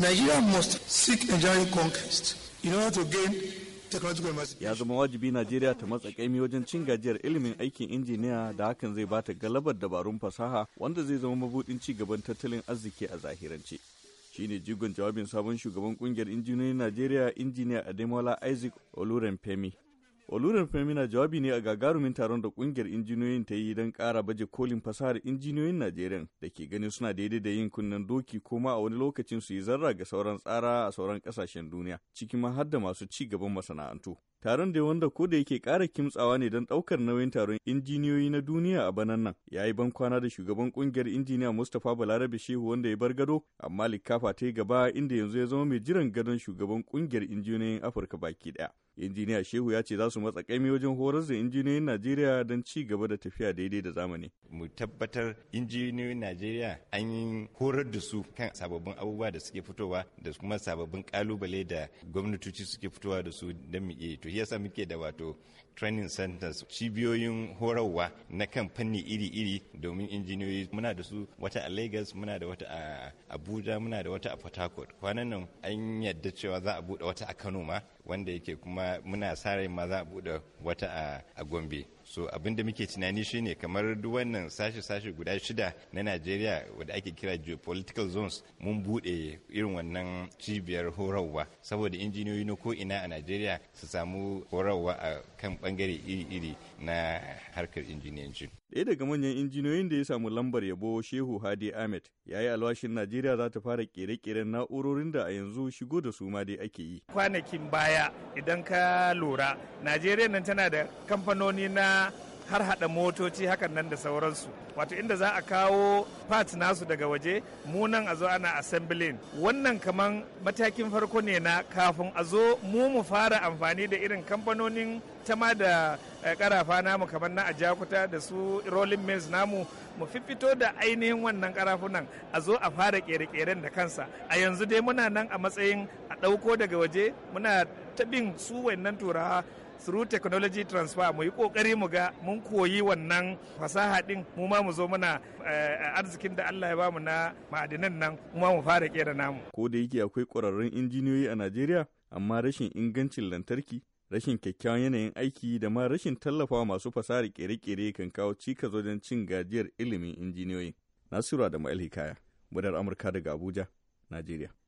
Nigeria must seek engineering conquest in order to gain Ya zama wajibi Najeriya ta matsa kaimi wajen cin gajiyar ilimin aikin injiniya da hakan zai bata galabar dabarun fasaha wanda zai zama mabudin ci gaban tattalin arziki a zahirance. Shi ne jigon jawabin sabon shugaban kungiyar injiniyoyin Najeriya injiniya Ademola Isaac Olurenfemi Oluren Femina jawabi ne a gagarumin taron da kungiyar injiniyoyin ta yi don ƙara baje kolin fasahar injiniyoyin Najeriya da ke ganin suna daidai da yin kunnen doki ko a wani lokacin su yi zarra ga sauran tsara a sauran ƙasashen duniya, cikin ma har masu ci gaban masana'antu. Taron da wanda ko da yake kara kimtsawa ne don ɗaukar nauyin taron injiniyoyi na duniya a banan nan. Ya yi kwana da shugaban kungiyar injiniya Mustapha Balarabe Shehu wanda ya bar gado, amma likafa ta yi gaba inda yanzu ya zama mai jiran gadon shugaban kungiyar injiniyoyin Afirka baki daya injiniya shehu ya ce za su matsa kaimi wajen horar da injiniyoyin najeriya don ci gaba da tafiya daidai da zamani mu tabbatar injiniyoyin najeriya an yi horar da su kan sababbin abubuwa da suke fitowa da kuma sababbin kalubale da gwamnatoci suke fitowa da su don mu iya shi yasa muke da wato training centers cibiyoyin horarwa na kan fanni iri-iri domin injiniyoyi muna da su wata a lagos muna da wata a abuja muna da wata a port harcourt kwanan nan an yadda cewa za a bude wata a kano ma wanda yake kuma muna sa rai ma za a buɗe wata a Gombe. so abin da muke tunani shine kamar duk wannan sashe-sashe guda shida na najeriya wadda ake kira geopolitical zones mun bude irin wannan cibiyar horarwa saboda injiniyoyi na ko'ina a najeriya su samu horarwa a kan bangare iri-iri na harkar injiniyanci ɗaya daga manyan injiniyoyin da ya samu lambar yabo shehu hadi ahmed ya yi alwashin najeriya za ta fara kere-keren na'urorin da a yanzu shigo da su ma dai ake yi kwanakin baya daya idan ka lura najeriya nan tana da kamfanoni na har hada motoci hakan nan da sauransu wato inda za a kawo parts nasu daga waje mu nan a zo ana assembling wannan kaman matakin farko ne na kafin a zo mu mu fara amfani da irin kamfanonin tama da Eh, karafa namu kamar na ajakuta da su rolling mills namu mu fito da ainihin wannan karafunan a zo a fara kere-keren da kansa a yanzu dai muna nan a matsayin a ɗauko daga waje muna ta bin su wannan turawa through technology transfer mu yi kokari mu ga mun koyi wannan fasaha din mu ma mu zo muna eh, arzikin da Allah ya bamu na ma'adinan nan mu ma mu fara kera namu ko da yake akwai ƙwararrun injiniyoyi a Najeriya amma rashin ingancin lantarki rashin kyakkyawan yanayin aiki da ma rashin tallafa masu fasahar kere-kere kan kawo cikas wajen cin gajiyar ilimin injiniyoyi. Nasiru da Alhikaya, Hikaya, Budar Amurka daga Abuja, Najeriya.